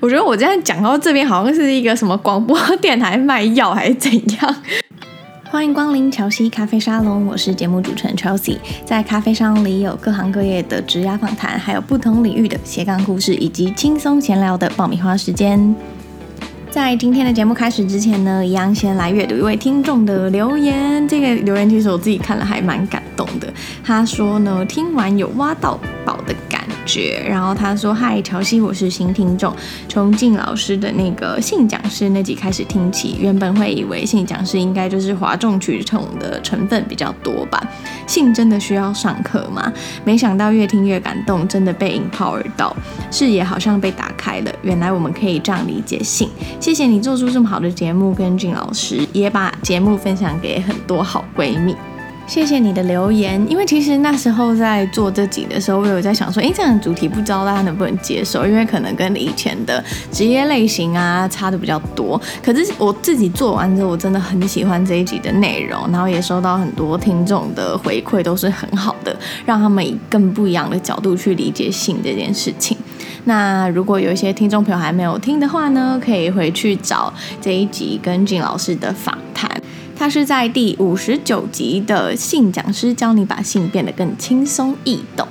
我覺得我這樣講到這邊，好像是一個什麼廣播電台賣藥還是怎樣。歡迎光臨喬西咖啡沙龍，我是節目主持人 Chelsea。在咖啡商裡有各行各業的職涯訪談，還有不同領域的斜槓故事，以及輕鬆閒聊的爆米花時間。在今天的節目開始之前呢，一樣先來閱讀一位聽眾的留言。這個留言其實我自己看了還蠻感動的。他說呢，聽完有挖到寶的感。覺，然後他說：“嗨，喬西，我是新聽眾，從靜老師的那個性講師那集開始聽起。原本會以為性講師應該就是嘩眾取寵的成分比較多吧？性真的需要上課嗎？沒想到越聽越感動，真的被 empowered 到，視野好像被打開了。原來我們可以這樣理解性。謝謝你做出這麼好的節目，跟靜老師也把節目分享給很多好閨蜜。”謝謝你的留言，因為其實那時候在做這集的時候，我有在想說，哎，這樣的主題不知道大家能不能接受，因為可能跟你以前的職業類型啊差的比較多。可是我自己做完之後，我真的很喜歡這一集的內容，然後也收到很多聽眾的回饋，都是很好的，讓他們以更不一樣的角度去理解性這件事情。那如果有一些聽眾朋友還沒有聽的話呢，可以回去找這一集跟靳老師的訪談。它是在第五十九集的信講師，教你把信變得更輕鬆易懂。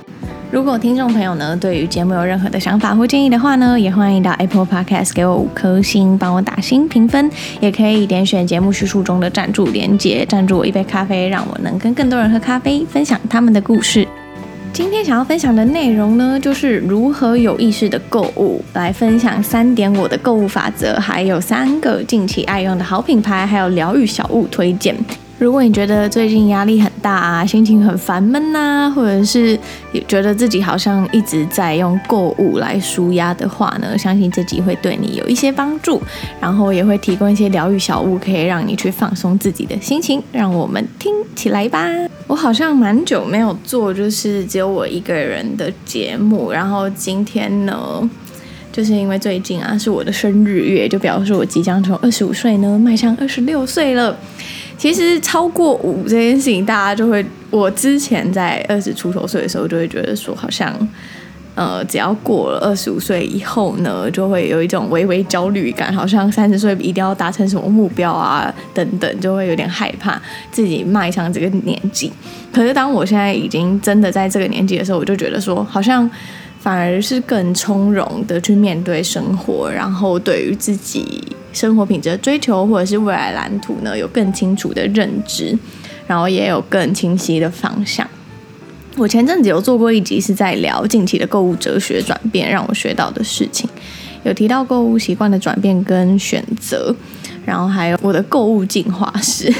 如果聽眾朋友呢，對於節目有任何的想法或建議的話呢，也歡迎到 Apple Podcast 給我五顆星，幫我打星評分，也可以點選節目敘述中的贊助連結，贊助我一杯咖啡，讓我能跟更多人喝咖啡，分享他們的故事。今天想要分享的內容呢，就是如何有意識的購物。來分享三點我的購物法則，還有三個近期愛用的好品牌，還有療癒小物推薦。如果你覺得最近壓力很大啊，心情很煩悶吶、啊，或者是也覺得自己好像一直在用購物來舒壓的話呢，相信這集會對你有一些幫助。然後也會提供一些療癒小物，可以讓你去放鬆自己的心情。讓我們聽起來吧。我好像蠻久沒有做，就是只有我一個人的節目。然後今天呢，就是因為最近啊，是我的生日月，就表示我即將從二十五歲呢邁向二十六歲了。其實超過五這件事情，大家就會，我之前在二十出頭歲的時候，就會覺得說，好像，呃，只要過了二十五歲以後呢，就會有一種微微焦慮感，好像三十歲一定要達成什麼目標啊，等等，就會有點害怕自己邁向這個年紀。可是當我現在已經真的在這個年紀的時候，我就覺得說，好像。反而是更從容的去面對生活，然後對於自己生活品質的追求或者是未來藍圖呢，有更清楚的認知，然後也有更清晰的方向。我前陣子有做過一集，是在聊近期的購物哲學轉變，讓我學到的事情，有提到購物習慣的轉變跟選擇，然後還有我的購物進化史。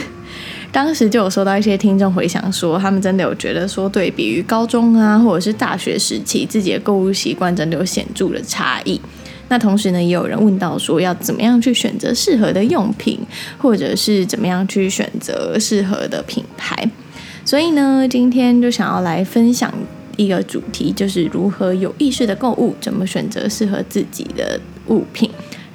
當時就有收到一些聽眾回響，說他們真的有覺得說，對比於高中啊，或者是大學時期，自己的購物習慣真的有顯著的差異。那同時呢，也有人問到說，要怎麼樣去選擇適合的用品，或者是怎麼樣去選擇適合的品牌。所以呢，今天就想要來分享一個主題，就是如何有意識的購物，怎麼選擇適合自己的物品。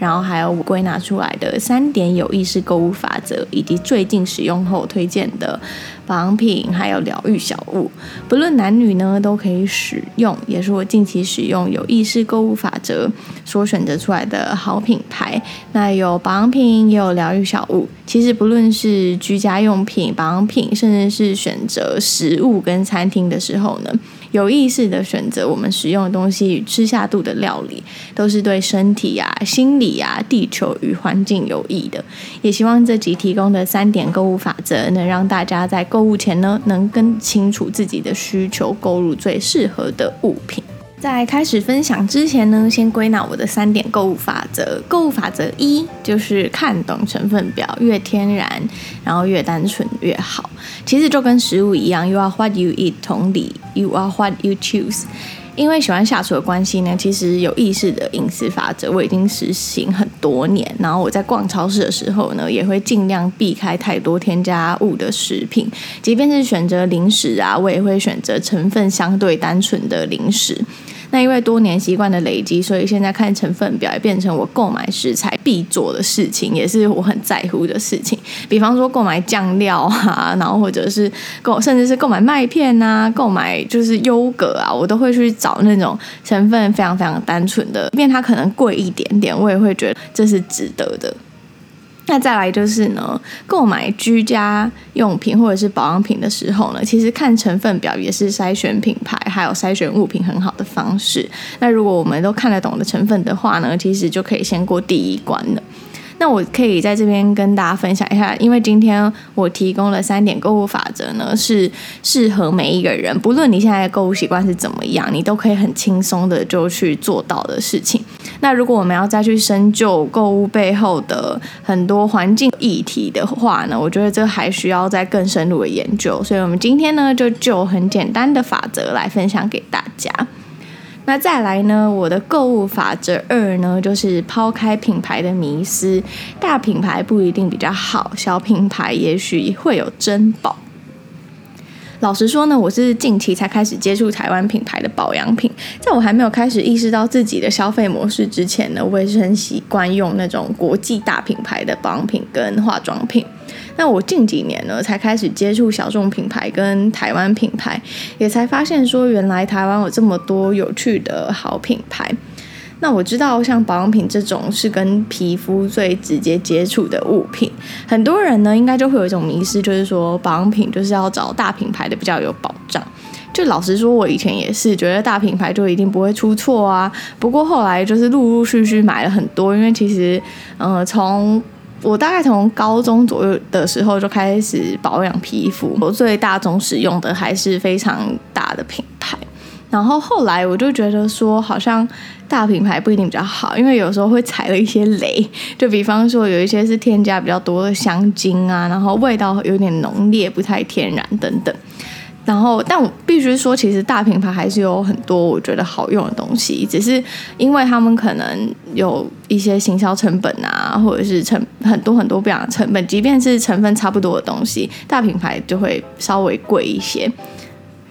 然後還有我歸納出來的三點有意識購物法則，以及最近使用後推薦的保養品，還有療癒小物。不論男女呢，都可以使用，也是我近期使用有意識購物法則所選擇出來的好品牌。那有保養品，也有療癒小物。其實不論是居家用品、保養品，甚至是選擇食物跟餐廳的時候呢，有意識地選擇我們使用的東西與吃下肚的料理，都是對身體啊、心理啊、地球與環境有益的。也希望這集提供的三點購物法則，能讓大家在購物前呢，能更清楚自己的需求，購入最適合的物品。在開始分享之前呢，先歸納我的三點購物法則。購物法則一就是看懂成分表，越天然然後越單純越好。其實就跟食物一樣，You are what you eat。同理，You are what you choose。因為喜歡下廚的關係呢，其實有意識的飲食法則我已經實行很多年。然後我在逛超市的時候呢，也會儘量避開太多添加物的食品。即便是選擇零食啊，我也會選擇成分相對單純的零食。那因為多年習慣的累積，所以現在看成分表也變成我購買食材必做的事情，也是我很在乎的事情。比方說購買醬料啊，然後或者是購，甚至是購買麥片啊，購買就是優格啊，我都會去找那種成分非常非常單純的，即便它可能貴一點點，我也會覺得這是值得的。那再來就是呢，購買居家用品或者是保養品的時候呢，其實看成分表也是篩選品牌還有篩選物品很好的方式。那如果我們都看得懂的成分的話呢，其實就可以先過第一關了。那我可以在這邊跟大家分享一下，因為今天我提供了三點購物法則呢，是適合每一個人，不論你現在的購物習慣是怎麼樣，你都可以很輕鬆的就去做到的事情。那如果我們要再去深究購物背後的很多環境議題的話呢，我覺得這還需要再更深入的研究。所以我們今天呢，就就很簡單的法則來分享給大家。那再來呢，我的購物法則二呢，就是拋開品牌的迷思，大品牌不一定比較好，小品牌也許會有珍寶。老實說呢，我是近期才開始接觸台灣品牌的保養品，在我還沒有開始意識到自己的消費模式之前呢，我也是很習慣用那種國際大品牌的保養品跟化妝品。那我近幾年呢，才開始接觸小眾品牌跟台灣品牌，也才發現說，原來台灣有這麼多有趣的好品牌。那我知道，像保養品這種是跟皮膚最直接接觸的物品，很多人呢應該就會有一種迷思，就是說保養品就是要找大品牌的比較有保障。就老實說，我以前也是覺得大品牌就一定不會出錯啊。不過後來就是陸陸續續買了很多，因為其實，嗯、呃，從我大概從高中左右的時候就開始保養皮膚，我最大宗使用的還是非常大的品牌，然後後來我就覺得說，好像大品牌不一定比較好，因為有時候會踩了一些雷，就比方說有一些是添加比較多的香精啊，然後味道有點濃烈，不太天然等等。然後，但我必須說，其實大品牌還是有很多我覺得好用的東西，只是因為他們可能有一些行銷成本啊，或者是成很多很多不一樣的成本，即便是成分差不多的東西，大品牌就會稍微貴一些。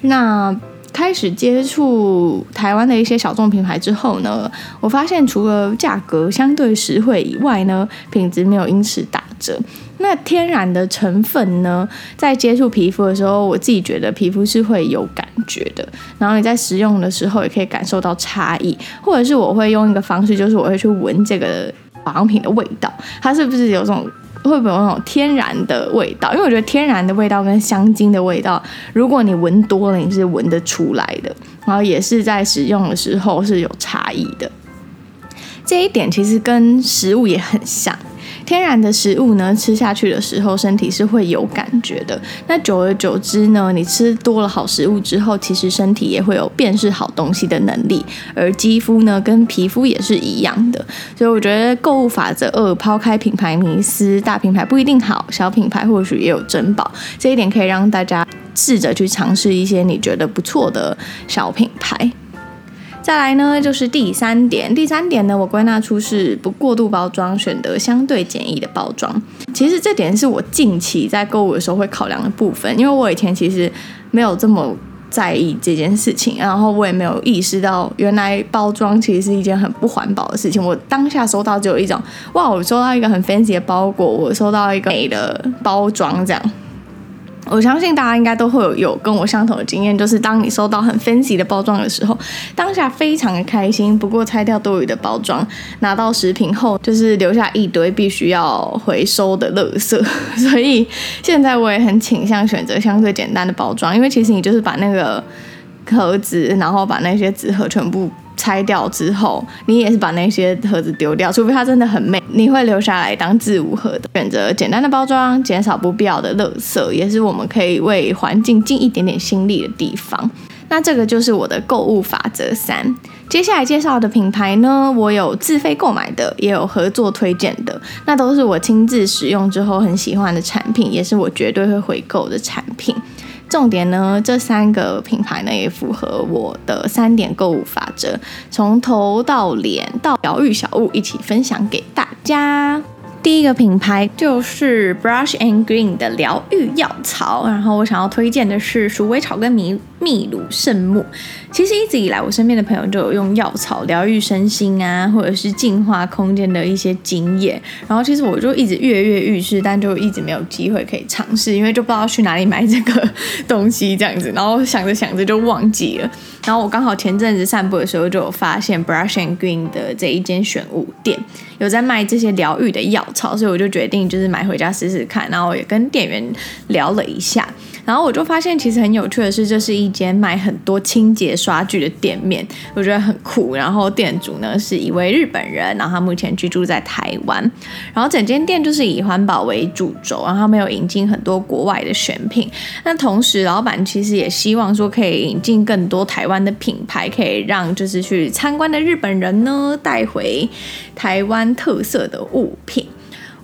那。開始接觸台灣的一些小眾品牌之後呢，我發現除了價格相對實惠以外呢，品質沒有因此打折。那天然的成分呢，在接觸皮膚的時候，我自己覺得皮膚是會有感覺的。然後你在使用的時候也可以感受到差異，或者是我會用一個方式，就是我會去聞這個保養品的味道，它是不是有種。會不會有那種天然的味道，因為我覺得天然的味道跟香精的味道，如果你聞多了，你是聞得出來的。然後也是在使用的時候是有差異的，這一點其實跟食物也很像。天然的食物呢，吃下去的時候，身體是會有感覺的。那久而久之呢，你吃多了好食物之後，其實身體也會有辨識好東西的能力。而肌膚呢，跟皮膚也是一樣的。所以我覺得購物法則二，拋開品牌迷思，大品牌不一定好，小品牌或許也有珍寶。這一點可以讓大家試着去嘗試一些你覺得不錯的小品牌。再來呢，就是第三點。第三點呢，我歸納出是不過度包裝，選擇相對簡易的包裝。其實這點是我近期在購物的時候會考量的部分，因為我以前其實沒有這麼在意這件事情，然後我也沒有意識到原來包裝其實是一件很不環保的事情。我當下收到只有一種，哇，我收到一個很 fancy 的包裹，我收到一個美的包裝這樣。我相信大家應該都會有跟我相同的經驗，就是當你收到很 fancy 的包裝的時候，當下非常的開心。不過拆掉多餘的包裝，拿到食品後，就是留下一堆必須要回收的垃圾。所以現在我也很傾向選擇相對簡單的包裝，因為其實你就是把那個盒子，然後把那些紙盒全部。拆掉之後，你也是把那些盒子丟掉，除非它真的很美，你會留下來當置物盒的。選擇簡單的包裝，減少不必要的垃圾，也是我們可以為環境盡一點點心力的地方。那這個就是我的購物法則三。接下來介紹的品牌呢，我有自費購買的，也有合作推薦的，那都是我親自使用之後很喜歡的產品，也是我絕對會回購的產品。重點呢，這三個品牌呢，也符合我的三點購物法則，從頭到臉到療癒小物一起分享給大家。第一個品牌就是 Brush and Green 的療癒藥草，然後我想要推薦的是鼠尾草根泥。秘魯聖木，其實一直以來我身邊的朋友就有用藥草療癒身心啊，或者是淨化空間的一些經驗。然後其實我就一直躍躍欲試，但就一直沒有機會可以嘗試，因為就不知道去哪裡買這個東西這樣子。然後想着想着就忘記了。然後我剛好前陣子散步的時候就有發現 Brush and Green 的這一間選物店有在賣這些療癒的藥草，所以我就決定就是買回家試試看。然後也跟店員聊了一下。然後我就發現，其實很有趣的是，這是一間賣很多清潔刷具的店面，我覺得很酷。然後店主呢是一位日本人，然後他目前居住在台灣。然後整間店就是以環保為主軸，然後他們有引進很多國外的選品。那同時，老闆其實也希望說，可以引進更多台灣的品牌，可以讓就是去參觀的日本人呢帶回台灣特色的物品。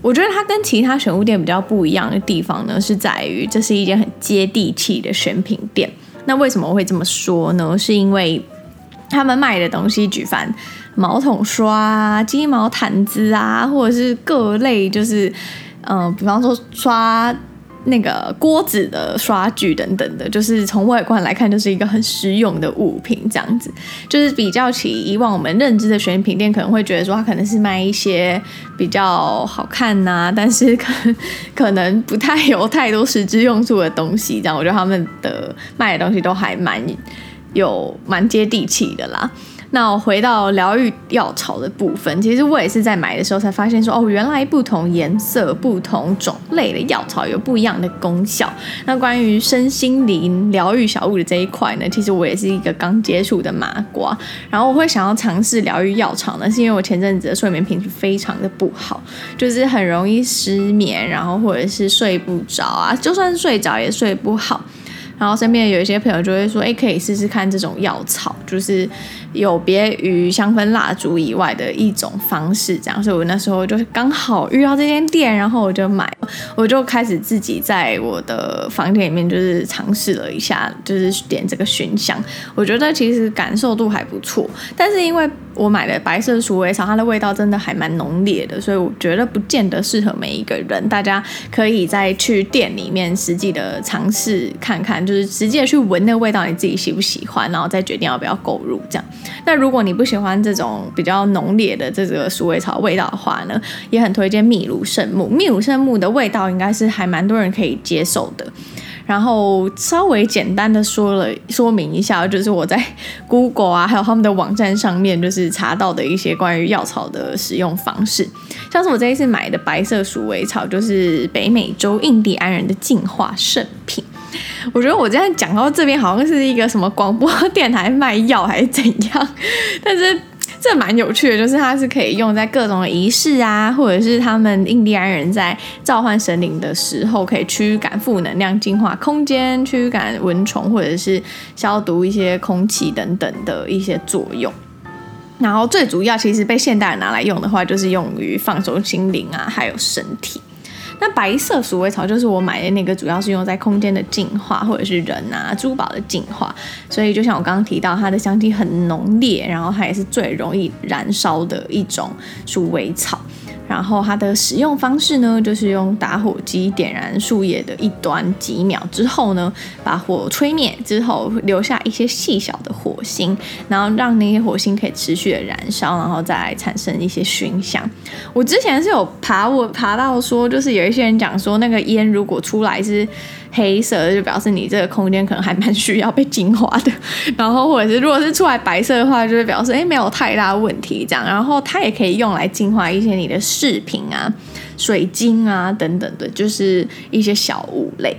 我覺得它跟其他選物店比較不一樣的地方呢，是在於這是一間很接地氣的選品店。那為什麼我會這麼說呢？是因為他們賣的東西，舉凡毛桶刷、雞毛撢子啊，或者是各類，就是嗯、呃，比方說刷。那個鍋子的刷具等等的，就是從外觀來看，就是一個很實用的物品，這樣子。就是比較起以往我們認知的選品店，可能會覺得說它可能是賣一些比較好看吶、啊，但是可可能不太有太多實質用處的東西。這樣，我覺得他們的賣的東西都還蠻有蠻接地氣的啦。那我回到療癒藥草的部分，其實我也是在買的時候才發現說，哦，原來不同顏色、不同種類的藥草有不一樣的功效。那關於身心靈療癒小物的這一塊呢，其實我也是一個剛接觸的麻瓜。然後我會想要嘗試療癒藥草呢，是因為我前陣子的睡眠品質非常的不好，就是很容易失眠，然後或者是睡不着啊，就算是睡着也睡不好。然後身邊有一些朋友就會說，誒，可以試試看這種藥草，就是有別於香氛蠟燭以外的一種方式，這樣。所以，我那時候就是剛好遇到這間店，然後我就買，我就開始自己在我的房間裡面就是嘗試了一下，就是點這個燻香。我覺得其實感受度還不錯，但是因為。我買的白色鼠尾草，它的味道真的還蠻濃烈的，所以我覺得不見得適合每一個人。大家可以再去店裡面實際的嘗試看看，就是直接去聞那個味道，你自己喜不喜歡，然後再決定要不要購入。這樣，那如果你不喜歡這種比較濃烈的這個鼠尾草味道的話呢，也很推薦秘魯聖木。秘魯聖木的味道應該是還蠻多人可以接受的。然後稍微簡單的說了說明一下，就是我在 Google 啊，還有他們的網站上面，就是查到的一些關於藥草的使用方式。像是我這一次買的白色鼠尾草，就是北美洲印第安人的淨化聖品。我覺得我這樣講到這邊，好像是一個什麼廣播電台賣藥還是怎樣，但是。這蠻有趣的，就是它是可以用在各種儀式啊，或者是他們印第安人在召喚神靈的時候，可以驅趕負能量、淨化空間、驅趕蚊蟲，或者是消毒一些空氣等等的一些作用。然後最主要，其實被現代人拿來用的話，就是用於放鬆心靈啊，還有身體。那白色鼠尾草就是我買的那個，主要是用在空間的淨化，或者是人啊、珠寶的淨化。所以就像我剛剛提到，它的香氣很濃烈，然後它也是最容易燃燒的一種鼠尾草。然後它的使用方式呢，就是用打火機點燃樹葉的一端，幾秒之後呢，把火吹滅之後，留下一些細小的火星，然後讓那些火星可以持續的燃燒，然後再產生一些熏香。我之前是有爬，我爬到說，就是有一些人講說，那個煙如果出來是。黑色，就表示你這個空間可能還蠻需要被淨化的， 然後或者是如果是出來白色的話，就是表示哎、欸、沒有太大問題這樣，然後它也可以用來淨化一些你的飾品啊、水晶啊等等的，就是一些小物類。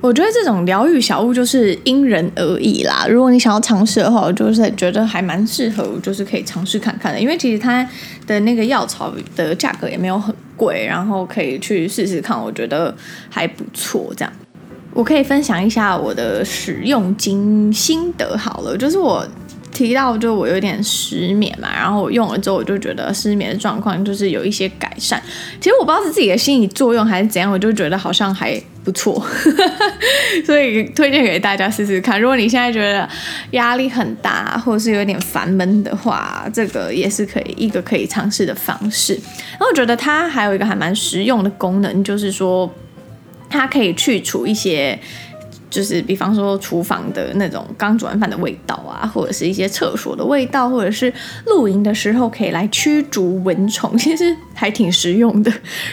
我覺得這種療癒小物就是因人而異啦，如果你想要嘗試的話，我就是覺得還蠻適合，就是可以嘗試看看的，因為其實它的那個藥草的價格也沒有很貴，然後可以去試試看，我覺得還不錯這樣。我可以分享一下我的使用經心得好了，就是我提到，就我有點失眠嘛，然後我用了之後，我就覺得失眠的狀況就是有一些改善。其實我不知道是自己的心理作用還是怎樣，我就覺得好像還不錯， 所以推薦給大家試試看。如果你現在覺得壓力很大，或者是有點煩悶的話，這個也是可以一個可以嘗試的方式。然後我覺得它還有一個還蠻實用的功能，就是說。它可以去除一些，就是比方說廚房的那種剛煮完飯的味道啊，或者是一些廁所的味道，或者是露營的時候可以來驅逐蚊蟲，其實還挺實用的。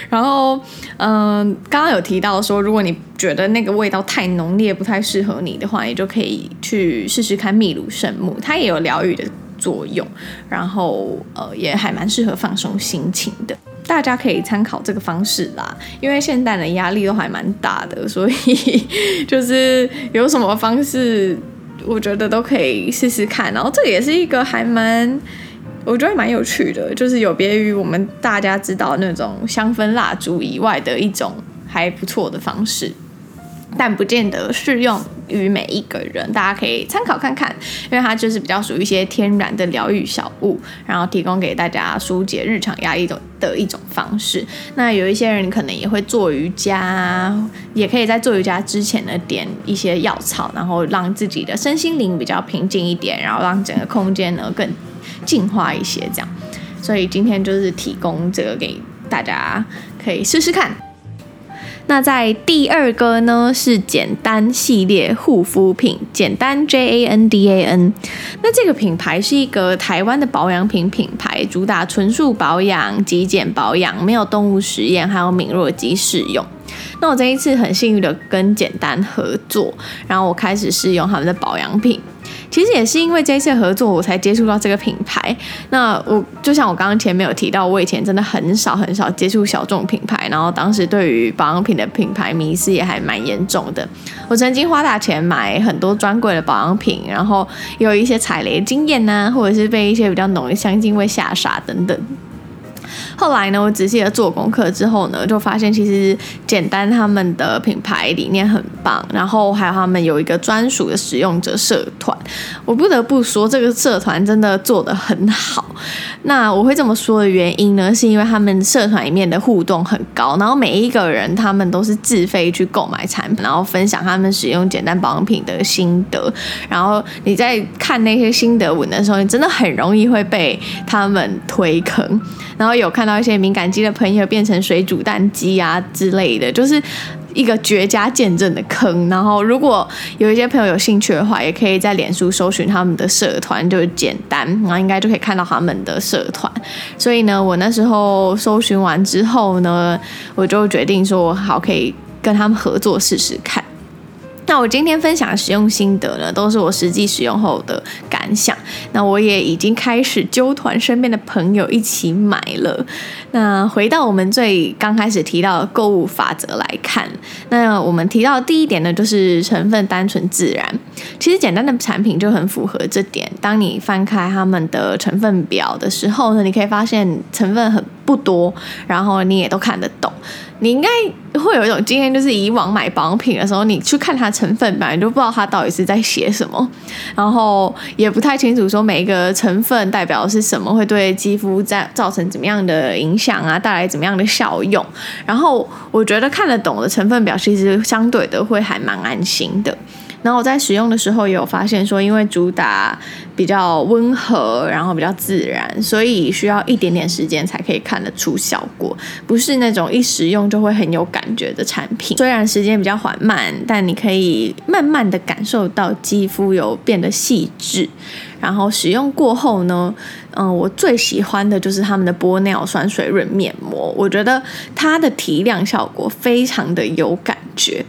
然後，嗯、呃，剛剛有提到說，如果你覺得那個味道太濃烈，不太適合你的話，也就可以去試試看秘魯聖木，它也有療癒的作用，然後呃，也還蠻適合放鬆心情的。大家可以參考這個方式啦，因為現在的壓力都還蠻大的，所以就是有什麼方式，我覺得都可以試試看。然後這也是一個還蠻，我覺得蠻有趣的，就是有別於我們大家知道那種香氛蠟燭以外的一種還不錯的方式，但不見得適用。於每一個人，大家可以參考看看，因為它就是比較屬於一些天然的療癒小物，然後提供給大家疏解日常壓力的的一種方式。那有一些人可能也會做瑜伽，也可以在做瑜伽之前呢，點一些藥草，然後讓自己的身心靈比較平靜一點，然後讓整個空間呢更淨化一些這樣。所以今天就是提供這個給大家，可以試試看。那在第二個呢，是簡單系列護膚品，簡單 J A N D A N。那這個品牌是一個台灣的保養品品牌，主打純素保養、極簡保養，沒有動物實驗，還有敏弱肌使用。那我這一次很幸運的跟簡單合作，然後我開始試用他們的保養品。其實也是因為這一次合作，我才接觸到這個品牌。那我就像我剛剛前面有提到，我以前真的很少很少接觸小眾品牌，然後當時對於保養品的品牌迷失也還蠻嚴重的。我曾經花大錢買很多專櫃的保養品，然後有一些踩雷經驗呢、啊，或者是被一些比較濃的香精味嚇傻等等。後來呢，我仔細的做功課之後呢，就發現其實簡單他們的品牌理念很棒，然後還有他們有一個專屬的使用者社團，我不得不說這個社團真的做得很好。那我會這麼說的原因呢，是因為他們社團裡面的互動很高，然後每一個人他們都是自費去購買產品，然後分享他們使用簡單保養品的心得。然後你在看那些心得文的時候，你真的很容易會被他們推坑，然後。有看到一些敏感肌的朋友變成水煮蛋肌啊之類的，就是一個絕佳見證的坑。然後，如果有一些朋友有興趣的話，也可以在臉書搜尋他們的社團，就是簡單，然後應該就可以看到他們的社團。所以呢，我那時候搜尋完之後呢，我就決定說，好，可以跟他們合作試試看。那我今天分享的使用心得呢，都是我實際使用後的感想。那我也已經開始揪團，身邊的朋友一起買了。那回到我們最剛開始提到的購物法則來看，那我們提到的第一點呢，就是成分單純自然。其實簡單的產品就很符合這點。當你翻開他們的成分表的時候呢，你可以發現成分很不多，然後你也都看得懂。你應該會有一種經驗，就是以往買保養品的時候，你去看它成分表，你都不知道它到底是在寫什麼，然後也不太清楚說每一個成分代表的是什麼，會對肌膚在造成怎麼樣的影響啊，帶來怎麼樣的效用。然後我覺得看得懂的成分表，其實相對的會還蠻安心的。然後我在使用的時候也有發現，說因為主打比較溫和，然後比較自然，所以需要一點點時間才可以看得出效果，不是那種一使用就會很有感覺的產品。雖然時間比較緩慢，但你可以慢慢的感受到肌膚有變得細緻。然後使用過後呢，嗯，我最喜歡的就是他們的玻尿酸水潤面膜，我覺得它的提亮效果非常的有感覺。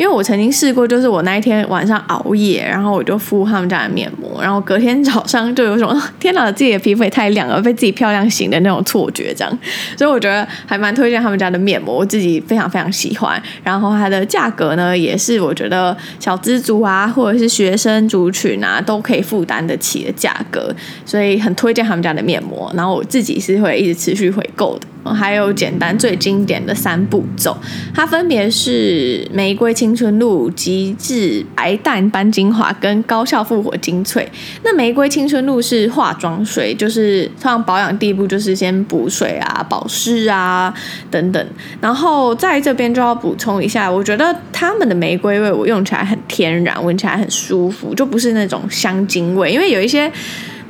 因為我曾經試過，就是我那一天晚上熬夜，然後我就敷他們家的面膜。然後隔天早上就有種天哪，自己的皮膚也太亮了，被自己漂亮醒的那種錯覺，這樣，所以我覺得還蠻推薦他們家的面膜，我自己非常非常喜歡。然後它的價格呢，也是我覺得小資族啊，或者是學生族群啊，都可以負擔得起的價格，所以很推薦他們家的面膜。然後我自己是會一直持續回購的。還有簡單最經典的三步驟，它分別是玫瑰青春露、極致白淡斑精華跟高效復活精粹。那玫瑰青春露是化妝水，就是通常保養第一步，就是先補水啊、保濕啊等等。然後在這邊就要補充一下，我覺得他們的玫瑰味我用起來很天然，聞起來很舒服，就不是那種香精味。因為有一些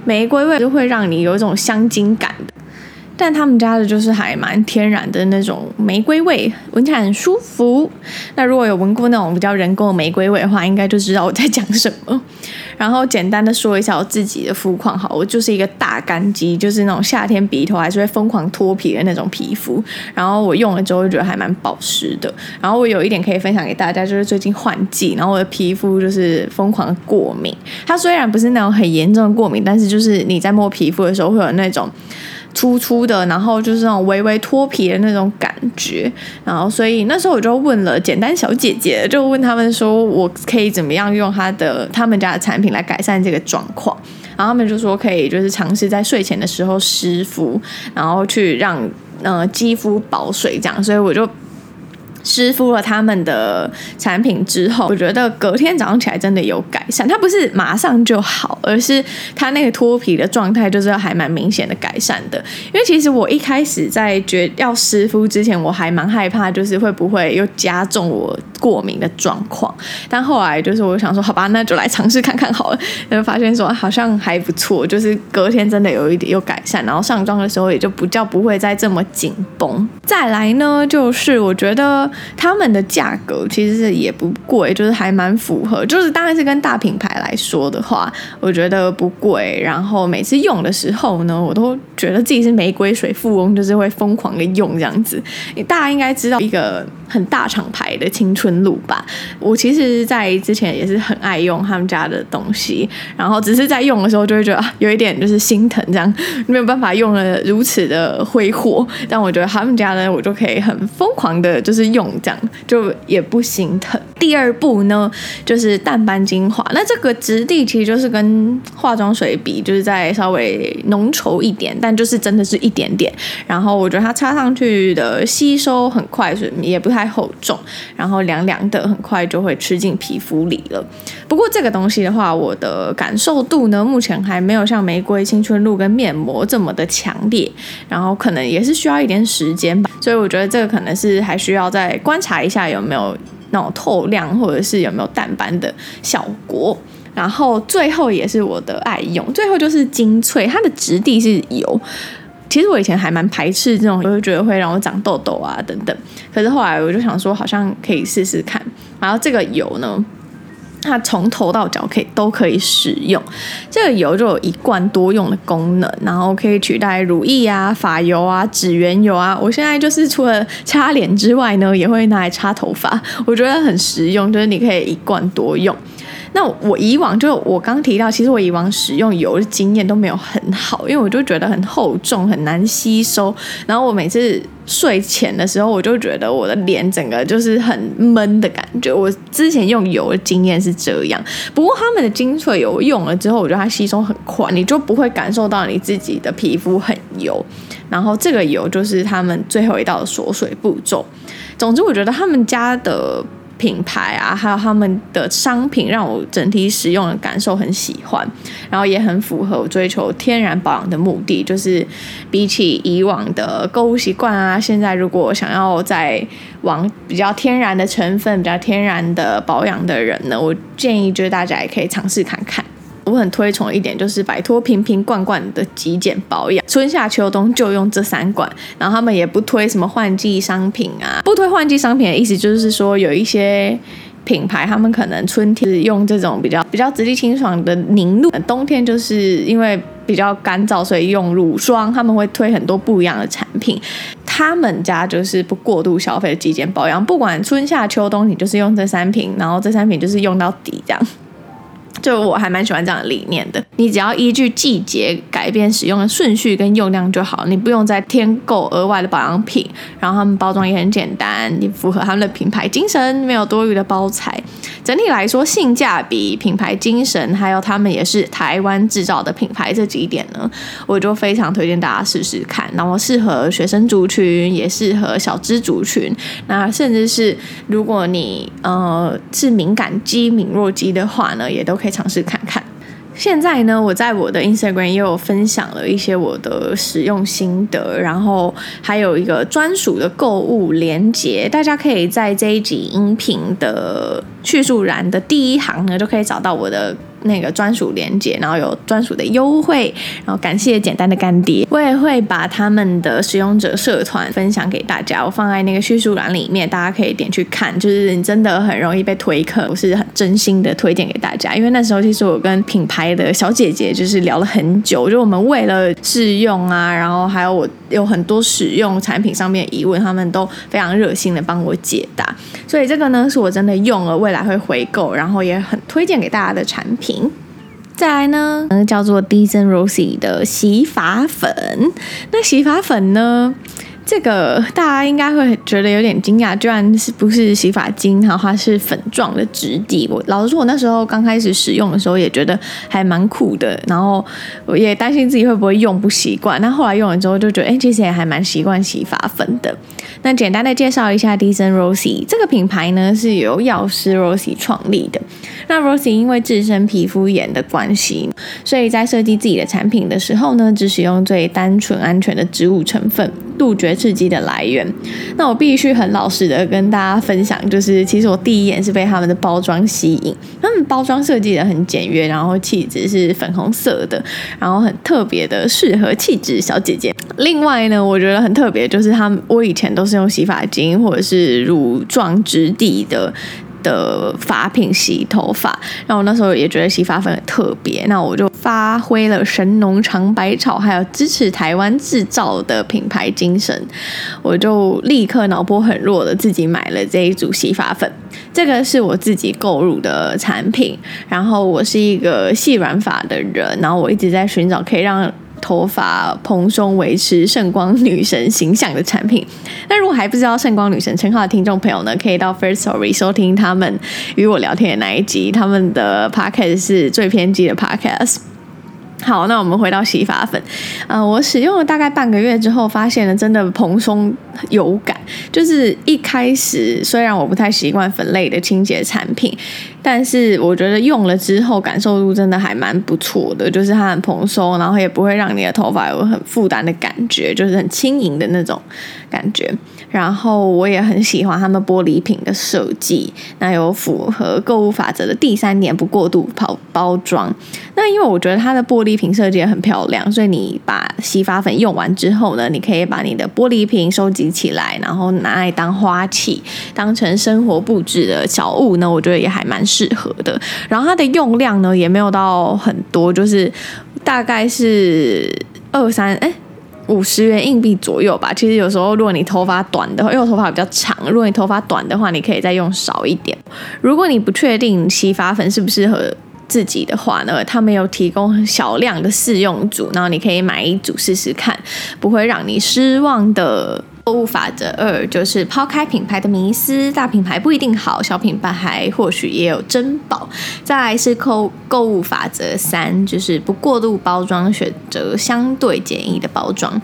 玫瑰味都會讓你有一種香精感，但他們家的就是還蠻天然的那種玫瑰味，聞起來很舒服。那如果有聞過那種比較人工的玫瑰味的話，應該就知道我在講什麼。然後簡單的說一下我自己的膚況，好，我就是一個大乾肌，就是那種夏天鼻頭還是會瘋狂脫皮的那種皮膚。然後我用了之後就覺得還蠻保濕的。然後我有一點可以分享給大家，就是最近換季，然後我的皮膚就是瘋狂過敏。它雖然不是那種很嚴重的過敏，但是就是你在摸皮膚的時候會有那種。粗粗的，然後就是那種微微脫皮的那種感覺，然後所以那時候我就問了簡單小姐姐，就問他們說我可以怎麼樣用她的他們家的產品來改善這個狀況，然後他們就說可以就是嘗試在睡前的時候濕敷，然後去讓呃肌膚保水這樣，所以我就。濕敷了他們的產品之後，我覺得隔天早上起來真的有改善。它不是馬上就好，而是它那個脫皮的狀態就是還蠻明顯的改善的。因為其實我一開始在覺得要濕敷之前，我還蠻害怕，就是會不會又加重我過敏的狀況。但後來就是我想說，好吧，那就來嘗試看看好了。然後發現說好像還不錯，就是隔天真的有一點有改善，然後上妝的時候也就比較不會再這麼緊繃。再來呢，就是我覺得。他們的價格其實也不貴，就是還蠻符合。就是當然是跟大品牌來說的話，我覺得不貴。然後每次用的時候呢，我都覺得自己是玫瑰水富翁，就是會瘋狂的用這樣子。大家應該知道一個。很大廠牌的青春露吧，我其實，在之前也是很愛用他們家的東西，然後只是在用的時候就會覺得有一點就是心疼，這樣沒有辦法用了如此的揮霍。但我覺得他們家呢，我就可以很瘋狂的，就是用這樣，就也不心疼。第二步呢，就是淡斑精華。那這個質地其實就是跟化妝水比，就是再稍微濃稠一點，但就是真的是一點點。然後我覺得它擦上去的吸收很快，所以也不太。太厚重，然後涼涼的，很快就會吃進皮膚裡了。不過這個東西的話，我的感受度呢，目前還沒有像玫瑰青春露跟面膜這麼的強烈，然後可能也是需要一點時間吧。所以我覺得這個可能是還需要再觀察一下有沒有那種透亮，或者是有沒有淡斑的效果。然後最後也是我的愛用，最後就是精粹，它的質地是油。其實我以前還蠻排斥這種，我就覺得會讓我長痘痘啊等等。可是後來我就想說，好像可以試試看。然後這個油呢，它從頭到腳可以都可以使用。這個油就有一罐多用的功能，然後可以取代乳液啊、髮油啊、指緣油啊。我現在就是除了擦臉之外呢，也會拿來擦頭髮，我覺得很實用，就是你可以一罐多用。那我以往就我剛提到，其實我以往使用油的經驗都沒有很好，因為我就覺得很厚重，很難吸收。然後我每次睡前的時候，我就覺得我的臉整個就是很悶的感覺。我之前用油的經驗是這樣，不過他們的精粹油我用了之後，我覺得它吸收很快，你就不會感受到你自己的皮膚很油。然後這個油就是他們最後一道的鎖水步驟。總之，我覺得他們家的品牌啊，還有他們的商品，讓我整體使用的感受很喜歡，然後也很符合我追求天然保養的目的。就是比起以往的購物習慣啊，現在如果想要再往比較天然的成分、比較天然的保養的人呢，我建議就是大家也可以嘗試看看。我很推崇的一點，就是擺脫瓶瓶罐罐的極簡保養，春夏秋冬就用這三管，然後他們也不推什麼換季商品啊。不推換季商品的意思就是說，有一些品牌他們可能春天用這種比較比較質地清爽的凝露，冬天就是因為比較乾燥，所以用乳霜。他們會推很多不一樣的產品。他們家就是不過度消費的極簡保養，不管春夏秋冬，你就是用這三瓶，然後這三瓶就是用到底這樣。就我還蠻喜歡這樣的理念的，你只要依據季節改變使用的順序跟用量就好，你不用再添購額外的保養品。然後他們包裝也很簡單，也符合他們的品牌精神，沒有多餘的包材。整體來說，性價比、品牌精神，還有他們也是台灣製造的品牌，這幾點呢，我就非常推薦大家試試看。然後適合學生族群，也適合小資族群，那甚至是如果你呃是敏感肌、敏弱肌的話呢，也都可以。嘗試看看。現在呢，我在我的 Instagram 也有分享了一些我的使用心得，然後還有一個專屬的購物鏈接。大家可以在這一集音頻的敘述欄的第一行呢，就可以找到我的，那個專屬鏈接，然後有專屬的優惠，然後感謝簡單的乾爹，我也會把他們的使用者社團分享給大家，我放在那個敘述欄裡面，大家可以點去看。就是你真的很容易被推客，我是很真心的推薦給大家，因為那時候其實我跟品牌的小姐姐就是聊了很久，就我們為了試用啊，然後還有我有很多使用產品上面疑問，他們都非常熱心的幫我解答。所以這個呢，是我真的用了，未來會回購，然後也很推薦給大家的產品。再來呢，叫做 Dison Rosie 的洗髮粉。那洗髮粉呢，這個大家應該會覺得有點驚訝，居然是不是洗髮精，哈，它是粉狀的質地。我老實說，我那時候剛開始使用的時候也覺得還蠻酷的，然後我也擔心自己會不會用不習慣。那後來用了之後，就覺得哎、欸，其實也還蠻習慣洗髮粉的。那簡單的介紹一下 Dison Rosie 這個品牌呢，是由藥師 Rosie 創立的。那 Rosie 因為自身皮膚炎的關係，所以在設計自己的產品的時候呢，只使用最單純安全的植物成分，杜絕刺激的來源。那我必須很老實的跟大家分享，就是其實我第一眼是被他們的包裝吸引，他們包裝設計的很簡約，然後氣質是粉紅色的，然後很特別的適合氣質小姐姐。另外呢，我覺得很特別，就是他們我以前都是用洗髮精或者是乳狀質地的，的髮品洗頭髮，然後我那時候也覺得洗髮粉很特別，那我就發揮了神農嘗百草，還有支持台灣製造的品牌精神，我就立刻腦波很弱的自己買了這一組洗髮粉，這個是我自己購入的產品，然後我是一個細軟髮的人，然後我一直在尋找可以讓頭髮蓬鬆、維持聖光女神形象的產品。那如果還不知道聖光女神稱號的聽眾朋友呢，可以到 Firstory 收聽他們與我聊天的那一集，他們的 podcast 是最偏激的 podcast。好，那我們回到洗髮粉，呃，我使用了大概半個月之後，發現了真的蓬鬆有感。就是一開始雖然我不太習慣粉類的清潔產品，但是我覺得用了之後感受度真的還蠻不錯的。就是它很蓬鬆，然後也不會讓你的頭髮有很負擔的感覺，就是很輕盈的那種感覺。然後我也很喜歡他們玻璃瓶的設計，那有符合購物法則的第三點，不過度包裝。那因為我覺得它的玻璃瓶設計也很漂亮，所以你把洗髮粉用完之後呢，你可以把你的玻璃瓶收集起來，然後拿來當花器，當成生活布置的小物呢，我覺得也還蠻適合的。然後它的用量呢，也沒有到很多，就是大概是二三誒、欸五十元硬幣左右吧。其實有時候，如果你頭髮短的話，因為我頭髮比較長，如果你頭髮短的話，你可以再用少一點。如果你不確定洗髮粉適不適合自己的話呢，他們有提供很小量的試用組，然後你可以買一組試試看，不會讓你失望的。購物法則二就是拋開品牌的迷思，大品牌不一定好，小品牌還或許也有珍寶。再來是購購物法則三，就是不過度包裝，選擇相對簡易的包裝。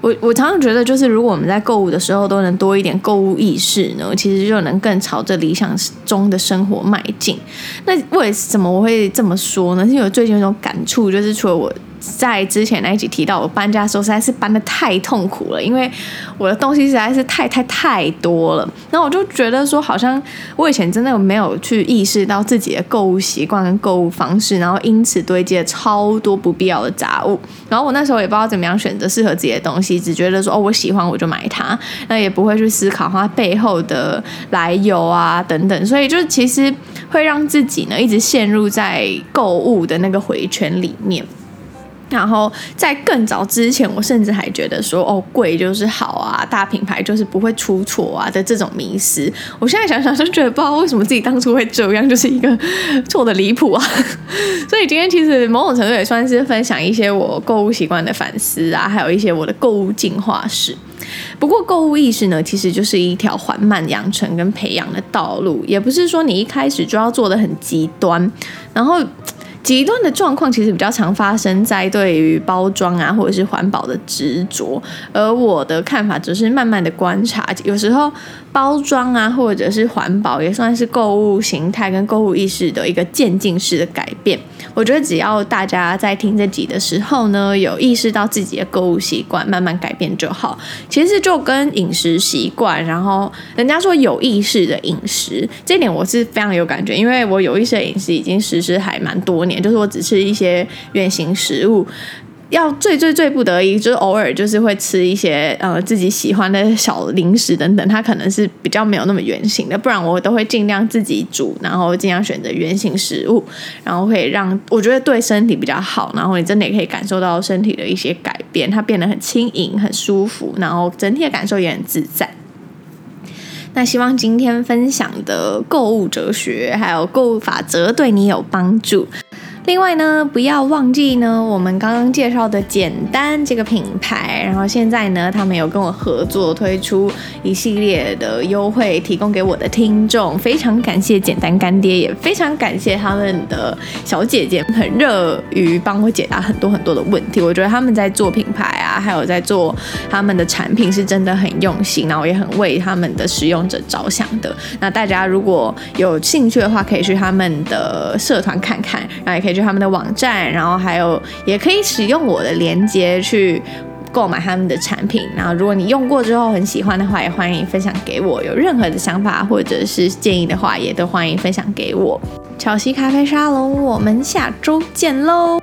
我我常常覺得，就是如果我們在購物的時候都能多一點購物意識呢，其實就能更朝着理想中的生活邁進。那為什麼我會這麼說呢？是因為我最近有種感觸，就是除了我。在之前那一集提到，我搬家的時候實在是搬得太痛苦了，因為我的東西實在是太太太多了。那我就覺得說，好像我以前真的沒有去意識到自己的購物習慣跟購物方式，然後因此堆積了超多不必要的雜物。然後我那時候也不知道怎麼樣選擇適合自己的東西，只覺得說哦，我喜歡我就買它，那也不會去思考它背後的來由啊等等。所以就其實會讓自己呢一直陷入在購物的那個回圈裡面。然後在更早之前，我甚至還覺得說哦，貴就是好啊，大品牌就是不會出錯啊的這種迷思。我現在想想就覺得，不知道為什麼自己當初會這樣，就是一個錯的離譜啊。 所以今天其實某種程度也算是分享一些我購物習慣的反思啊，還有一些我的購物進化史。不過購物意識呢，其實就是一條緩慢養成跟培養的道路，也不是說你一開始就要做得很極端，然後。極端的狀況其實比較常發生在對於包裝啊，或者是環保的執着而我的看法則是慢慢的觀察，有時候包裝啊，或者是環保也算是購物形態跟購物意識的一個漸進式的改變。我覺得只要大家在聽這集的時候呢，有意識到自己的購物習慣，慢慢改變就好。其實就跟飲食習慣，然後人家說有意識的飲食，這點我是非常有感覺，因為我有意識的飲食已經實施還蠻多年。也就是我只吃一些原型食物，要最最最不得已，就是偶爾就是會吃一些呃自己喜歡的小零食等等，它可能是比較沒有那麼原型的，不然我都會盡量自己煮，然後盡量選擇原型食物，然後可以讓我覺得對身體比較好，然後你真的也可以感受到身體的一些改變，它變得很輕盈、很舒服，然後整體的感受也很自在。那希望今天分享的購物哲學還有購物法則對你有幫助。另外呢，不要忘記呢，我們剛剛介紹的簡單這個品牌，然後現在呢，他們有跟我合作推出一系列的優惠，提供給我的聽眾。非常感謝簡單乾爹，也非常感謝他們的小姐姐，很熱於幫我解答很多很多的問題。我覺得他們在做品牌啊，還有在做他們的產品是真的很用心，然後也很為他們的使用者着想的。那大家如果有興趣的話，可以去他們的社團看看，然後也可以。就他們的網站，然後還有也可以使用我的鏈接去購買他們的產品。然後如果你用過之後很喜歡的話，也歡迎分享給我。有任何的想法或者是建議的話，也都歡迎分享給我。喬西咖啡沙龍，我們下週見嘍！